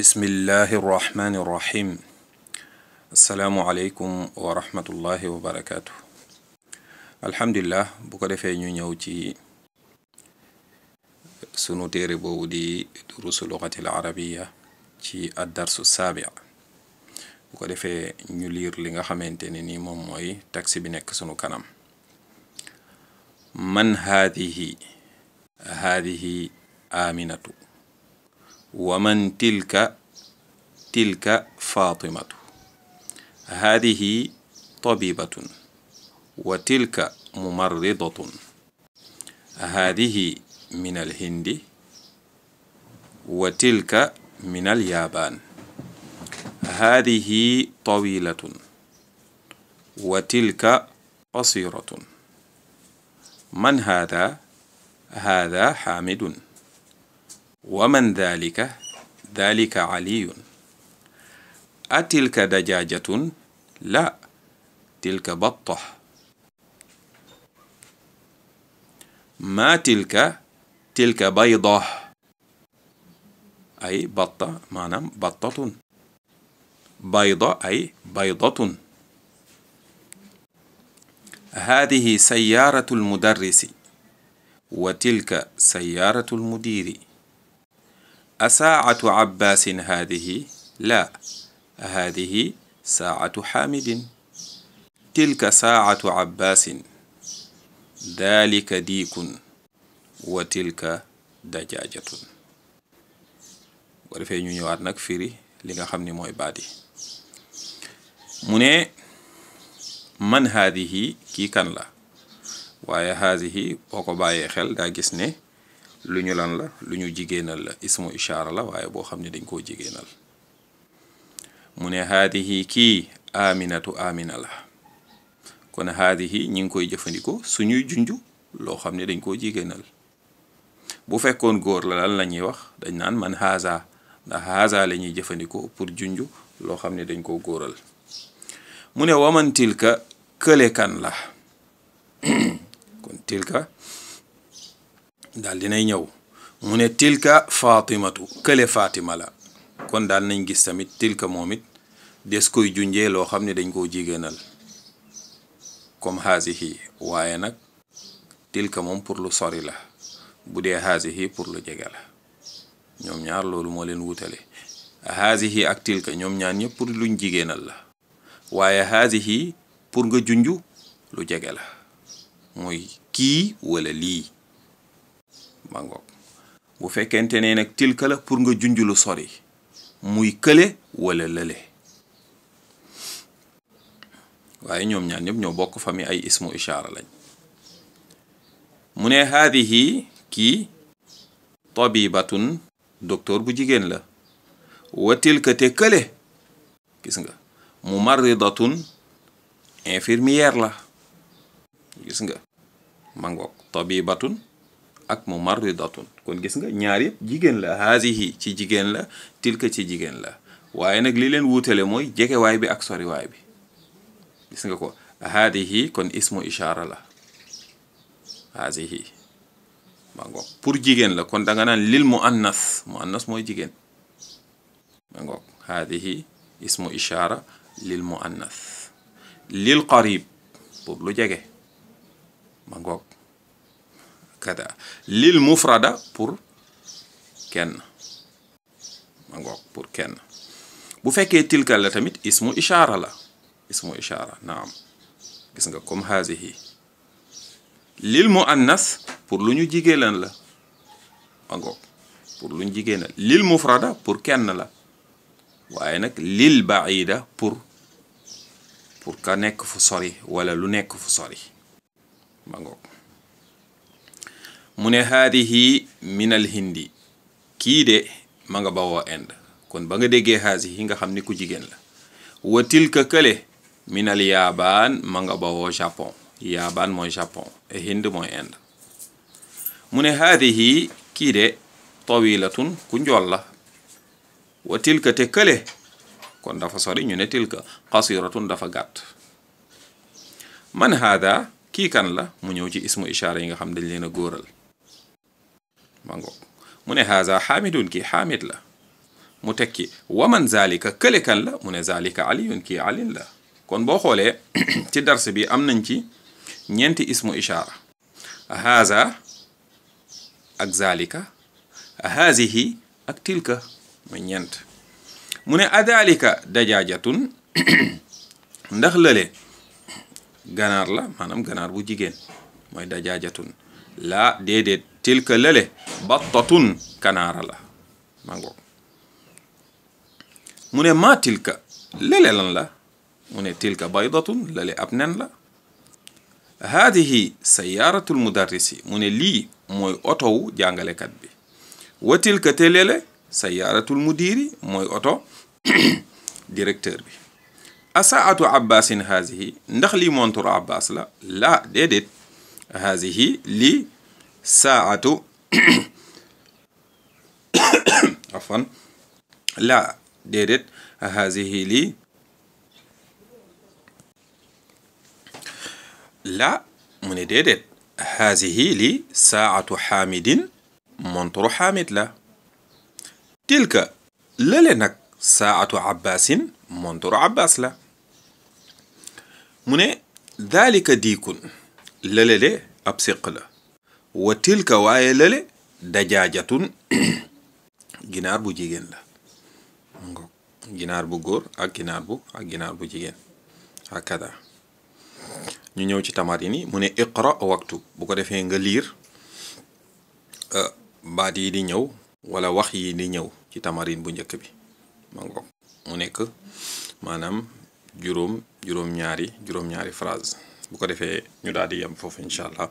bismillahi irrahmani irrahim asalaamualeykum wa rahmatullahi wa barakaatu alhamdulilah bu ko defee ñu ñëw ci sunu téere boobu di durusu luxati arabiya ci addarsu saabi bu ko defee ñu liir li nga xamante ne ni moom mooy taxi bi nekk sunu kanam man haadihi haadihi aminatu ومن تلك تلك فاطمة هذه طبيبة وتلك ممرضة هذه من الهند وتلك من اليابان هذه طويلة وتلك قصيرة من هذا؟ هذا حامد ومن ذلك ذلك علي أتلك دجاجة لا تلك بطة ما تلك تلك بيضة أي بطة معنى بطة بيضة أي بيضة هذه سيارة المدرس وتلك سيارة المدير أساعة عباس هذه؟ لا هذه ساعة حامد تلك ساعة عباس ذلك ديك وتلك دجاجة ورفي نيو نيوات نك فيري ليغا خامني موي بادي مune man haadihi kii kan la waaye haadihi boo lu ñu lan la lu ñu jigénal la ismu ishaara la waaye boo xam ne dañ koo jigéenal mu ne haadihi kii aminatu amina la kon haadihi ñi ngi koy jëfandikoo suñuy junju loo xam ne dañ koo jigénal bu fekkoon góor la lan la wax dañ naan man haaza ndax haaza la jëfandikoo pour junju loo xam ne dañ koo góoral mu ne waman tilka kële kan la kon tilka dal dina ñëw mu ne tilka fatimatu kële fatima la kon daan nañ gis tamit tilka moom des koy junjee loo xam ne dañ koo jigéenal comme haasihi waaye nag tilka moom pour lu sori la bu dee haasihi pour lu jege la ñoom ñaar loolu moo leen wutale haasihi ak tilka ñoom ñaar ñëpp pour luñ jigéenal la waaye haasihi pour nga junju lu jege la mooy kii wala lii maa bu fekkente ne nag tilka la pour nga junj sori muy kële wala lële waaye ñoom ñaan ñëpp ñoo bokk fa ay ismu ishaara lañ mu ne haadihi kii tabibatun docteur bu jigéen la wa tilka te kële gis nga mu mumarridatun infirmière la gis nga ma ngoog tabibatun ak mumarridatun kon gis nga ñaar yëpp jigéen la haasihi ci jigéen la tilka ci jigéen la waaye nag li leen wuutale mooy jegewaay bi ak sori soriwaay bi gis nga ko haadihi kon ismu ishaara la haasihi mangoog pour jigéen la kon da nga naan lil mu annas mu annas mooy jigéen mangoog haadihi ismu ishaara lil mu annas lil qarib pour lu jege mangoog كذا ليل مفردة بور كن مانغوك بور كن بو فكي تلك لا تاميت اسم اشاره لا اسم اشاره نعم غيسنغا كوم هذه ليل مؤنث بور لو نيو جيجيلن لا مانغوك بور لو نجيجينا ليل مفردة بور كن لا واي نك ليل بعيده بور بور كانيك فو سوري ولا لو نيك فو سوري مانغوك mu ne haadihi min al hindi kii de ma nga bawoo Inde kon ba nga déggee haadihi nga xam ni ku jigéen la wa tilka kële min al yaabaan ma nga Japon yaabaan mooy Japon e hind mooy Inde mu ne haadihi kii de tawilatun ku njool la wa tilka te kon dafa sori ñu ne tilka qasiratun dafa gàtt man haada kii la mu ñëw ci ismu ishaara yi nga xam dañ leen a góoral mango mu ne haza xaamidun kii xaamid la mu tekki waman zalika kële kan la mu ne zalika aliyun kii alin la kon boo xoolee ci dars bi am nañ ci ñeenti ismu ishaara haza ak zalika hazihi ak tilka muy ñeent mu ne adalika dajaajatun ndax lële ganaar la maanaam ganaar bu jigéen mooy dajaajatun laa déedéet tilka lële battatun kanaara la mango mu ne maa tilka lan la mu ne tilka baydatun lële ab nen la haadihi sayaaratul mudarrisi mu ne lii mooy otowu jàngalekat bi wa tilka te lële sayaaratul mudiiri mooy oto directeur bi asaatu abbaasin haadihi ndax lii montur abbas la laa déedéet haadihi lii الساعة عفوا لا ديرت هذه لي لا من ديرت هذه لي ساعة حامد منطر حامد لا تلك للنك ساعة عباس منطر عباس لا من ذلك ديكن لللي أبسق له wa tilka waaye lële dajaajatun ginaar bu jigéen la ginaar bu góor ak ginaar bu ak ginaar bu jigéen hakada ñu ñëw ci tamarin yi mu ne bu ko defee nga liir euh, baat yi di ñëw wala wax yi di ñëw ci tamarin bu njëkk bi ma mu nekk maanaam juróom juróom-ñaari juróom-ñaari phrase bu ko defee ñu daal di yem foofu incha allah